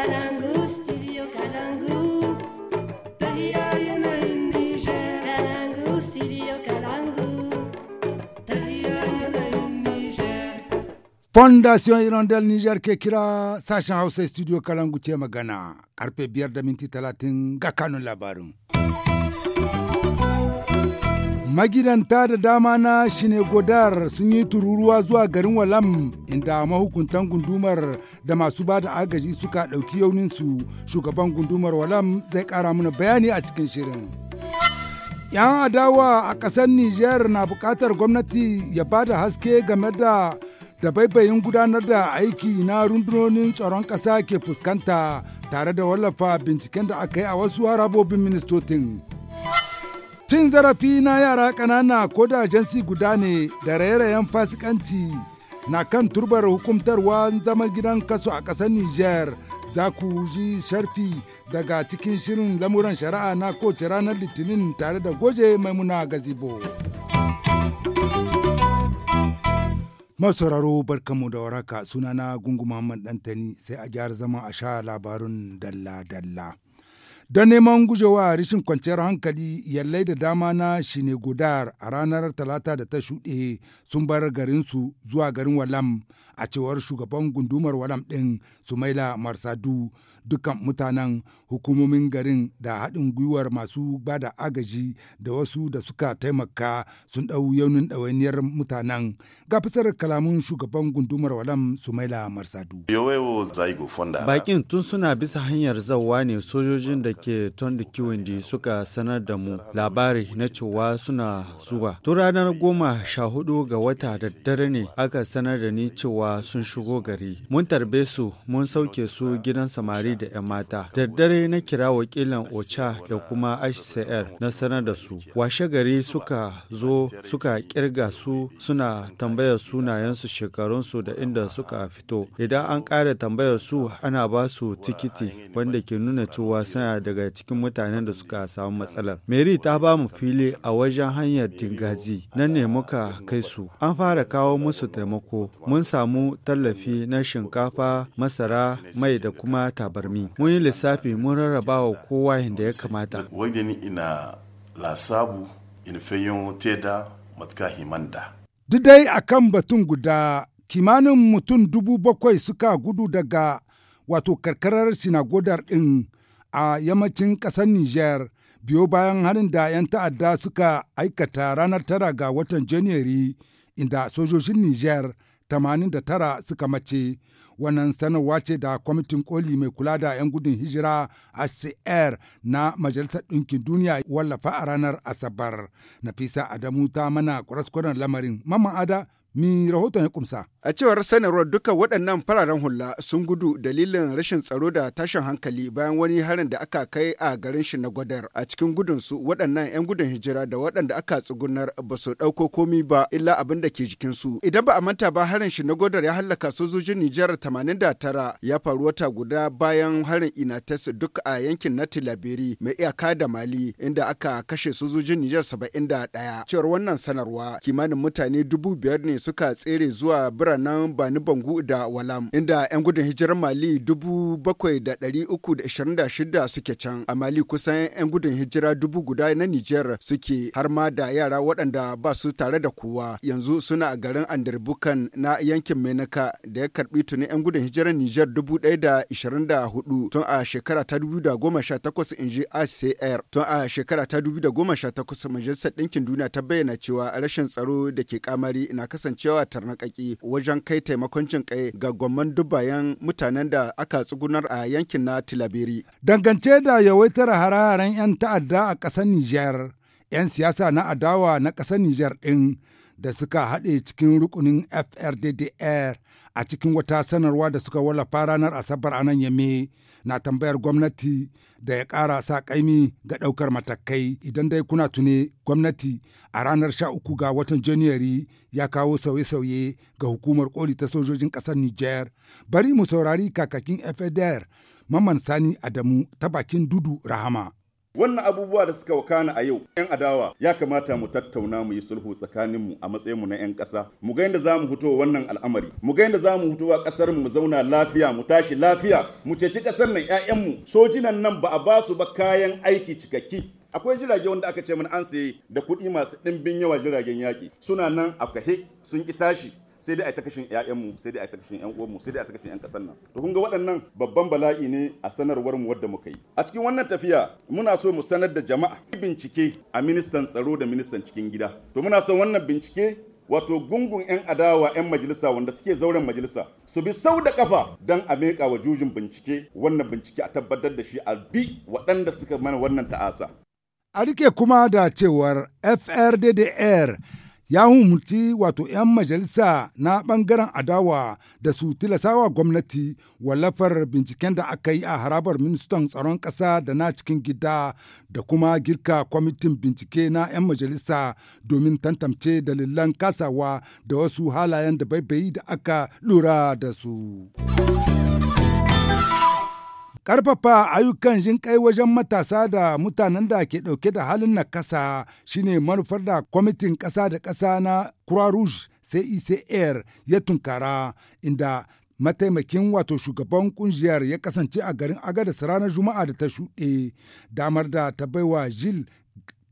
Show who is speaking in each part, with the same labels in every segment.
Speaker 1: Kalangu, studio Kalangu. Tahia yanayin Niger. Kalangu, studio Kalangu.
Speaker 2: Tahia yanayin Niger.
Speaker 3: Fondation Hirondelle Niger ke kira sashen Hausa studio Kalangu ce magana. Karfe biyar da minti talatin ga kanun labarun. magidanta da dama na shine godar sun yi tururuwa zuwa garin walam inda mahukuntan gundumar da masu ba da agaji suka ɗauki yauninsu shugaban gundumar walam zai ƙara mana bayani a cikin shirin yan adawa a ƙasar nijar na buƙatar gwamnati ya ba da haske game da da baibayin gudanar da aiki na rundunonin tsaron ƙasa ke fuskanta tare da wallafa binciken da aka yi a wasu harabobin ministocin. Cin zarafi na yara ƙanana ko da jansi guda ne da raye-rayen fasikanci na kan turbar hukumtarwa zaman gidan kasu a ƙasar Nijar. Za ku ji sharfi daga cikin shirin lamuran shari'a na kowace ranar Litinin tare da goje maimuna gazibo. Masauraro barkamu da waraka sunana Gungu Muhammad Dantani sai a gyara zama a sha labarun dalla-dalla. Don neman gujewa rashin kwanciyar hankali yallai da dama na shine godar a ranar talata da ta shuɗe sun bar garinsu zuwa garin Walam a cewar shugaban gundumar walam ɗin sumaila marsadu dukkan mutanen hukumomin garin da haɗin gwiwar masu ba da agaji da wasu da suka taimaka sun ɗau yaunin ɗawainiyar mutanen ga fasar kalamun shugaban gundumar walam sumaila marsadu
Speaker 2: bakin
Speaker 4: tun suna bisa hanyar zawa ne sojojin da ke tondi da suka sanar da mu labari na cewa suna zuwa tun ranar goma sha hudu ga wata da dare ne aka sanar da ni cewa sun shigo gari. Mun tarbe su mun sauke su gidan samari da 'yan mata. Daddare na kira wakilan OCHA da kuma HCR na sanar da su. Washe gari suka zo suka kirga su suna tambayar sunayensu shekarunsu da inda suka fito. Idan an ƙara tambayar su ana ba su tikiti wanda ke nuna cewa suna daga cikin mutanen da suka samu matsalar. Mary ta ba mu fili a wajen hanyar Dingazi. Nan ne muka kai su. An fara kawo musu taimako. Mun samu samu tallafi na shinkafa, masara, mai da kuma tabarmi. Mun yi lissafi mun rarraba wa kowa da ya kamata.
Speaker 3: Duk dai a kan batun guda kimanin mutum dubu bakwai suka gudu daga wato karkarar sinagodar din a yammacin ƙasar Niger biyo bayan harin da 'yan ta'adda suka aikata ranar tara ga watan Janairu inda sojojin Niger. 89 suka mace. Wannan sanarwa ce da kwamitin koli mai kula da 'yan gudun hijira a cr na Majalisar Ɗinkin Duniya wallafa a ranar Asabar. Nafisa Adamu ta mana kwaras lamarin. Mamman Ada Ni rahoton ya kumsa.
Speaker 2: A cewar sanarwar duka waɗannan fararen hula sun gudu dalilin rashin tsaro da tashin hankali bayan wani harin da aka kai a garin shi na gwadar. A cikin gudunsu waɗannan 'yan gudun hijira da waɗanda aka tsugunar ba su ɗauko komi ba illa abin da ke jikinsu. Idan ba a manta ba harin shi gwadar ya hallaka sojojin Nijar tamanin da tara ya faru wata guda bayan harin Inates duk a yankin na Tilaberi mai iyaka da Mali inda aka kashe sojojin Nijar 71. Cewar wannan sanarwa kimanin mutane dubu biyar ne suka tsere zuwa biranen Bani Bangu da Walam inda 'yan gudun hijirar Mali 7,326 suke can. A Mali kusan 'yan gudun hijira dubu guda na niger suke har ma da yara waɗanda ba su tare da kowa yanzu suna a garin Andirbukan na yankin Menaka da ya karbi tuni 'yan gudun hijirar Nijar 1,024 tun a shekara ta 2018 in ji ACR tun a shekara ta 2018 Majalisar Ɗinkin Duniya ta bayyana cewa rashin tsaro da ke kamari na kasance kasancewa tarnakaki wajen kai taimakon jin kai ga gwamman dubbayan mutanen da aka tsugunar a yankin na Tilabiri.
Speaker 3: Dangance da yawaitar hararen 'yan ta'adda a ƙasar Nijar, 'yan siyasa na adawa na ƙasar Nijar ɗin da suka haɗe cikin rukunin FRDDR a cikin wata sanarwa da suka wallafa ranar Asabar a nan Yame na tambayar gwamnati da ya ƙara sa ƙaimi ga ɗaukar matakai idan dai kuna tune gwamnati a ranar sha uku ga watan janairu ya kawo sauye-sauye ga hukumar koli ta sojojin ƙasar niger bari mu saurari kakakin fdr mamman sani adamu ta bakin dudu rahama
Speaker 2: Wannan abubuwa da suka wakana a yau, 'yan adawa ya kamata mu tattauna mu yi sulhu tsakaninmu a matsayin mu na 'yan ƙasa. Mu ga yadda za mu fito wannan al'amari. Mu ga yadda za mu fito a ƙasar mu zauna lafiya, mu tashi lafiya, mu ceci ƙasar nan 'ya'yanmu. Sojinan nan ba a ba su ba kayan aiki cikakki. akwai jirage wanda aka ce mana an saye da kuɗi masu ɗimbin yawa jiragen yaƙi suna nan a kahe sun ki tashi sai dai a ta kashin ƴaƴanmu sai dai a ta kashin ƴan uwanmu sai dai a ta kashin ƴan ƙasar nan to kun ga waɗannan babban bala'i ne a sanarwar mu wadda muka yi a cikin wannan tafiya muna so mu sanar da jama'a bincike a ministan tsaro da ministan cikin gida to muna son wannan bincike wato gungun 'yan adawa 'yan majalisa wanda suke zauren majalisa su bi sau da kafa don a meka wa jujin bincike wannan bincike a tabbatar da shi a bi waɗanda suka mana wannan ta'asa.
Speaker 3: A rike kuma da cewar FRDDR ya humulci wato 'yan majalisa na ɓangaren adawa da su tilasawa gwamnati wallafar binciken da aka yi a harabar ministan tsaron ƙasa da na cikin gida da kuma girka kwamitin bincike na 'yan majalisa domin tantance dalilan kasawa da wasu halayen da baibayi da aka lura da su. Ƙarfafa ayyukan jin kai wajen matasa da mutanen da ke ɗauke da halin na nakasa shine manufar da kwamitin ƙasa da ƙasa na Croix Rouge CICR e ya tunkara inda mataimakin wato shugaban kungiyar ya kasance a garin agadas ranar juma'a da ta shuɗe damar da ta baiwa jil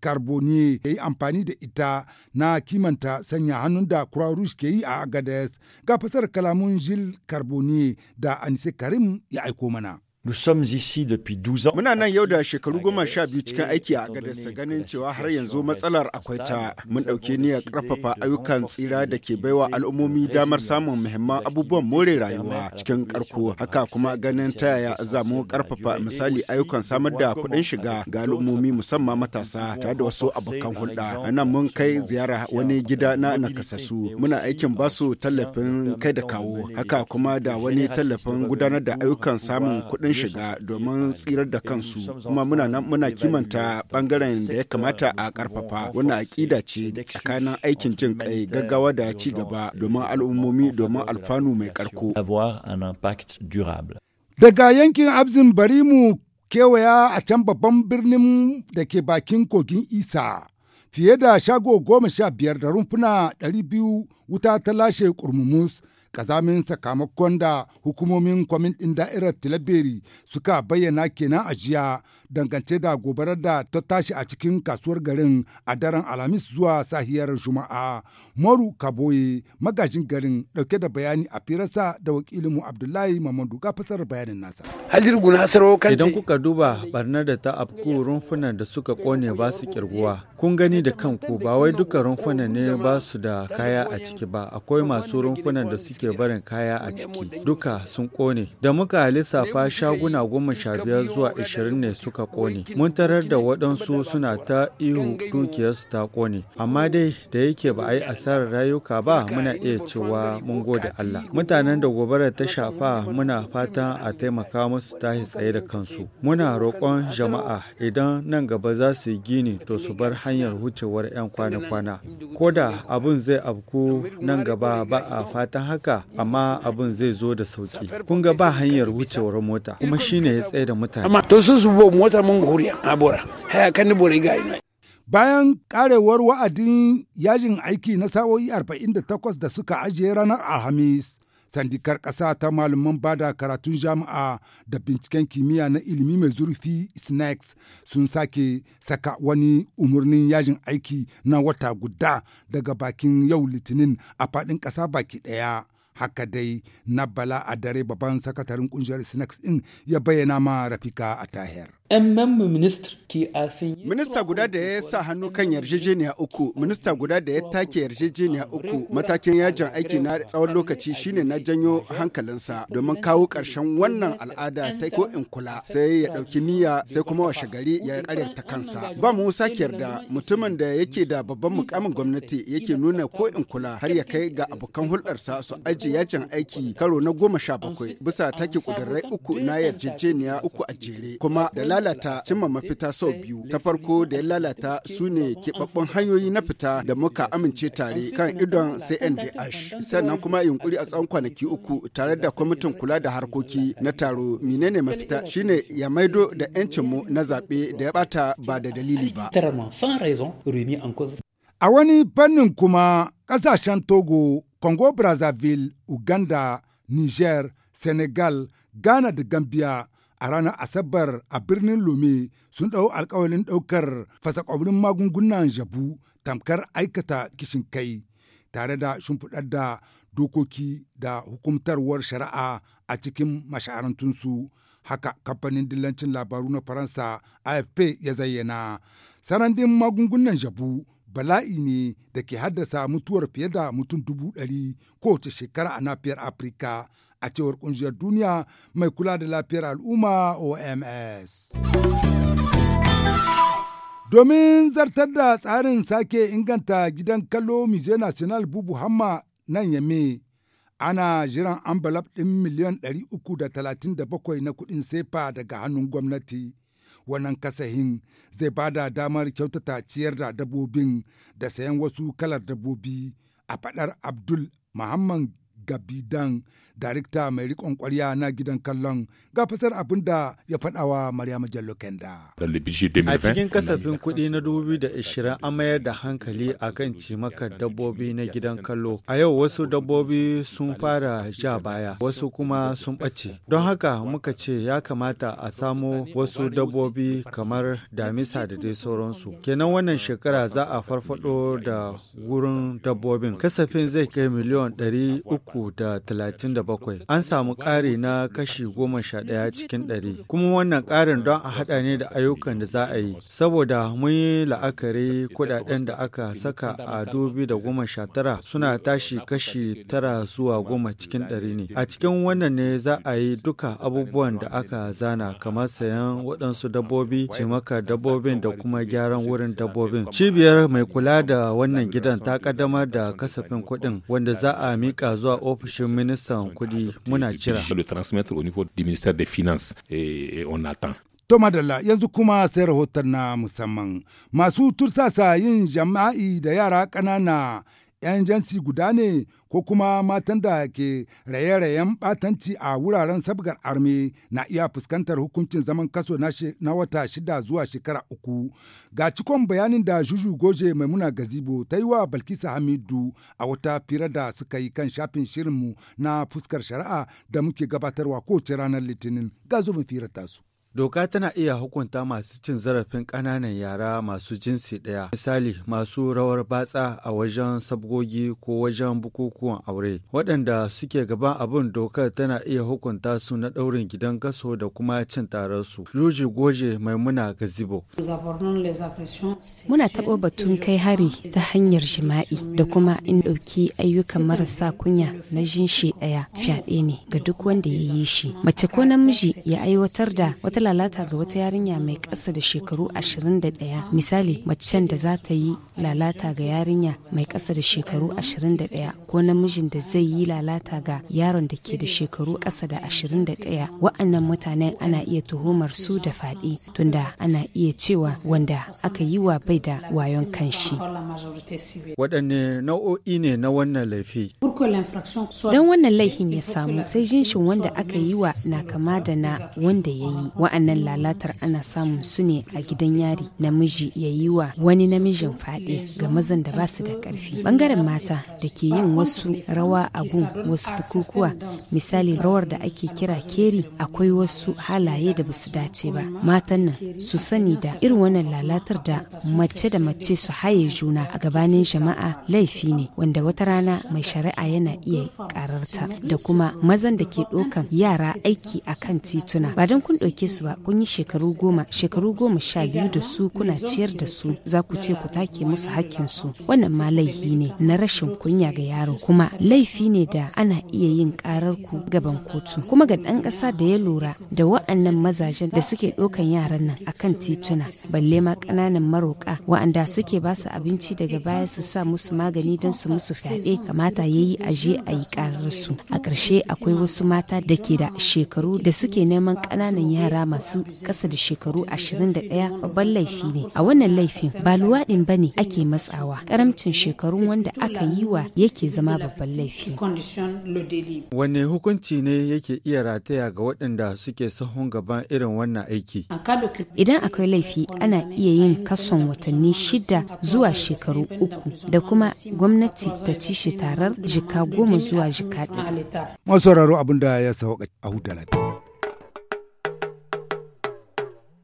Speaker 3: carbonier ya yi amfani da ita na kimanta sanya hannun da croix rouge ke yi a agadas ga fasar kalamun jil carbonier da anise
Speaker 2: karim ya aiko mana Nous sommes ici depuis 12 ans. Muna nan yau da shekaru goma sha biyu cikin aiki a Agadarsa ganin cewa har yanzu matsalar akwai ta. Mun ɗauke ni a ƙarfafa ayyukan tsira da ke baiwa al'ummomi damar samun muhimman abubuwan more rayuwa cikin karko Haka kuma ganin ta yaya za mu ƙarfafa misali ayyukan samar da kuɗin shiga ga al'ummomi musamman matasa tare da wasu abokan hulɗa. A mun kai ziyara wani gida na nakasassu. Muna aikin basu tallafin kai da kawo. Haka kuma da wani tallafin gudanar da ayyukan samun kuɗin shiga domin tsirar da kansu kuma muna nan muna kimanta bangaren da ya kamata a karfafa wannan aƙida ce tsakanin aikin jin kai gaggawa da ci gaba domin al'ummomi domin alfanu mai karko.
Speaker 3: Daga yankin Abzin bari mu kewaya a can babban birnin da ke bakin kogin Isa. Fiye da shago goma sha biyar da rumfuna 200% wuta ta lashe kurmumus kazamin sakamakon da hukumomin kwamin ɗin da'irar tilaberi suka bayyana kenan a jiya dangance da gobarar da ta tashi a cikin kasuwar garin a daren alhamis zuwa sahiyar juma'a moru kaboye magajin garin dauke da bayani a firarsa da wakilinmu abdullahi mamadu ga fasar bayanin nasa
Speaker 4: idan kuka duba barna da ta afku rumfunan da suka kone ba su kirguwa kun gani da kanku ba wai duka rumfunan ne ba su da kaya a ciki ba akwai masu rumfunan da suke suke barin kaya a ciki duka sun kone da muka lissafa shaguna goma sha biyar zuwa ashirin ne suka kone mun tarar da waɗansu suna ta ihu dukiyarsu ta kone amma dai da yake ba a yi asarar rayuka ba muna iya cewa mun gode Allah mutanen da gobarar ta shafa muna fatan a taimaka musu tashi tsaye da kansu muna roƙon jama'a idan nan gaba za su yi gini to su bar hanyar wucewar 'yan kwana-kwana ko da abun zai afku nan gaba ba a fatan haka haka amma abin zai zo da sauki kun ga ba hanyar wucewar mota kuma shine ya tsaye da mutane amma
Speaker 3: to su su mota mun guri
Speaker 4: abora haya kan bore ga
Speaker 3: bayan karewar wa'adin yajin aiki na sa'o'i 48 da suka ajiye ranar alhamis sandikar ƙasa ta malaman bada karatun jami'a da binciken kimiyya na ilimi mai zurfi snacks e sun sake saka wani umarnin yajin aiki na wata guda daga bakin yau litinin a faɗin ƙasa baki ɗaya. haka dai na bala a dare babban sakataren kungiyar snacks din ya bayyana ma rafika a tahir 'yan memba minister ke a
Speaker 2: Minista guda da ya sa hannu kan yarjejeniya uku, minista guda da ya take yarjejeniya uku matakin yajin aiki na tsawon lokaci shine na janyo hankalinsa domin kawo ƙarshen wannan al'ada ta ko in kula sai ya ɗauki niyya sai kuma washe gari ya karyata kansa. Ba mu sake yarda mutumin da yake da babban mukamin gwamnati yake nuna ko in kula har ya kai ga abokan hulɗarsa su ajiye yajin aiki karo na goma sha bakwai bisa take kudurrai uku na yarjejeniya uku a jere kuma da lalata cimma mafita sau biyu ta farko da ya lalata su ne keɓaɓɓun hanyoyi na fita da muka amince tare kan idon CNDH sannan kuma yunkuri a tsawon kwanaki uku tare da kwamitin kula da harkoki na taro menene mafita shine ya maido da 'yancinmu na zaɓe da ya ɓata ba da dalili ba. A wani bannin kuma ƙasashen
Speaker 3: Togo, Congo Brazzaville, Uganda, Niger, Senegal, Ghana da Gambia a ranar Asabar a birnin Lome sun ɗau alkawalin ɗaukar fasakwabrin magungunan jabu tamkar aikata kishin kai tare da shimfiɗar da dokoki da hukumtarwar shari'a a cikin masha'arantunsu haka kamfanin dillancin labaru na faransa afp ya zayyana sarandin magungunan jabu bala'i ne da ke haddasa mutuwar fiye da mutum dubu ɗari kowace shekara a nafiyar afirka a cewar kungiyar duniya mai kula da lafiyar al'umma OMS. Domin zartar da tsarin sake inganta gidan kallo mize National Bubu Hamma nan Yame, ana jiran ambalab ɗin miliyan 337 na kuɗin sefa daga hannun gwamnati. wannan kasahin zai ba da damar kyautata ciyar da dabbobin da sayan wasu kalar dabbobi a fadar abdul muhammad gabidan darakta mai rikon kwarya na gidan kallon ga fasar abin da ya faɗawa Maryam Jallo Kenda. A cikin kasafin
Speaker 4: kuɗi na 2020 an mayar da hankali akan cimakar dabbobi na gidan kallo. A yau wasu dabbobi sun fara ja baya, wasu kuma sun ɓace. Don haka muka ce ya kamata a samo wasu dabbobi kamar damisa da dai sauransu. Kenan wannan shekara za a farfado da wurin dabbobin. Kasafin zai kai miliyon ɗari uku uku da talatin da bakwai an samu ƙari na kashi goma sha ɗaya cikin ɗari kuma wannan ƙarin don a haɗa ne da ayyukan da za a yi saboda mun yi la'akari kuɗaɗen da aka saka a dubi da goma sha tara suna tashi kashi tara zuwa goma cikin ɗari ne a cikin wannan ne za a yi duka abubuwan da aka zana kamar sayan waɗansu dabbobi cimaka dabbobin da kuma gyaran wurin dabbobin cibiyar mai kula da wannan gidan ta ƙaddamar da kasafin kuɗin wanda za a miƙa zuwa ofishin ministan kudi muna jira. To madalla yanzu kuma sai rahoton na
Speaker 3: musamman masu tursasa yin jama'i da yara ƙanana 'yan jansi guda ne ko kuma matan da ke raye-rayen batanci a wuraren sabgar arme na iya fuskantar hukuncin zaman kaso na, wata shida zuwa shekara uku ga cikon bayanin da juju goje maimuna gazibo ta yi wa balkisa hamidu a wata fira da suka yi kan shafin shirinmu na fuskar shari'a da muke gabatarwa kowace ranar litinin ga zo mu firar tasu
Speaker 4: Doka tana iya hukunta masu cin zarafin ƙananan yara masu jinsi ɗaya, misali masu rawar batsa a wajen sabgogi ko wajen bukukuwan aure. Waɗanda suke gaban abin dokar tana iya hukunta su na ɗaurin gidan gaso da kuma cin tararsu. Ruji Goje Maimuna Gazibo.
Speaker 1: Muna taɓo batun kai hari ta hanyar jima'i da kuma in ɗauki ayyukan marasa kunya na jinshi ɗaya fyaɗe ne ga duk wanda ya yi shi. Mace ko namiji ya aiwatar da wata ta lalata ga wata yarinya mai ƙasa da shekaru 21 misali macen da za ta yi lalata ga yarinya mai kasa da shekaru 21 ko namijin da zai yi lalata ga yaron da ke da shekaru ƙasa da ashirin da ɗaya wa'annan mutanen ana iya tuhumar su da faɗi tunda ana iya cewa wanda aka yi wa bai da wayon kanshi.
Speaker 4: Waɗanne nau'o'i ne na wannan laifi?
Speaker 1: Don wannan laifin ya samu sai jinshin wanda aka yi wa na kama da na wanda ya yi wa'annan lalatar ana samun su ne a gidan yari namiji ya yi wa wani namijin faɗi ga mazan da ba su da ƙarfi. ɓangaren mata da ke yin wasu rawa a gun wasu bukukuwa misali rawar da ake kira keri akwai wasu halaye da basu dace ba matan nan su sani da irin wannan lalatar da mace da mace su haye juna a gabanin jama'a laifi ne wanda wata rana mai shari'a yana iya kararta da kuma mazan da ke ɗaukan yara aiki a kan tituna ba don kun ɗauke su ba kun yi shekaru goma shekaru goma sha biyu da su kuna ciyar da su za ku ce ku take musu hakkin su wannan ma laifi ne na rashin kunya ga yaro karo kuma laifi ne da ana iya yin ƙarar ku gaban kotu kuma ga ɗan ƙasa da ya lura da wa'annan mazajen da suke ɗaukan yaran nan akan tituna balle ma ƙananan maroƙa wa'anda suke ba su abinci daga baya su sa musu magani don su musu fyaɗe kamata ya yi aje a yi ƙarar su a ƙarshe akwai wasu mata da ke da shekaru da suke neman ƙananan yara masu ƙasa da shekaru ashirin da ɗaya babban laifi ne a wannan laifin ba luwaɗin ba ne ake matsawa ƙaramcin shekarun wanda aka yi wa yake zama babban laifi.
Speaker 4: Wane hukunci ne yake iya rataya ga waɗanda suke sahun gaban irin wannan aiki?
Speaker 1: Idan akwai laifi ana iya yin kason watanni shida zuwa shekaru uku da kuma gwamnati ta ci shi tarar jika goma zuwa jika ɗaya.
Speaker 3: Masu abin da ya sauka a da lafiya.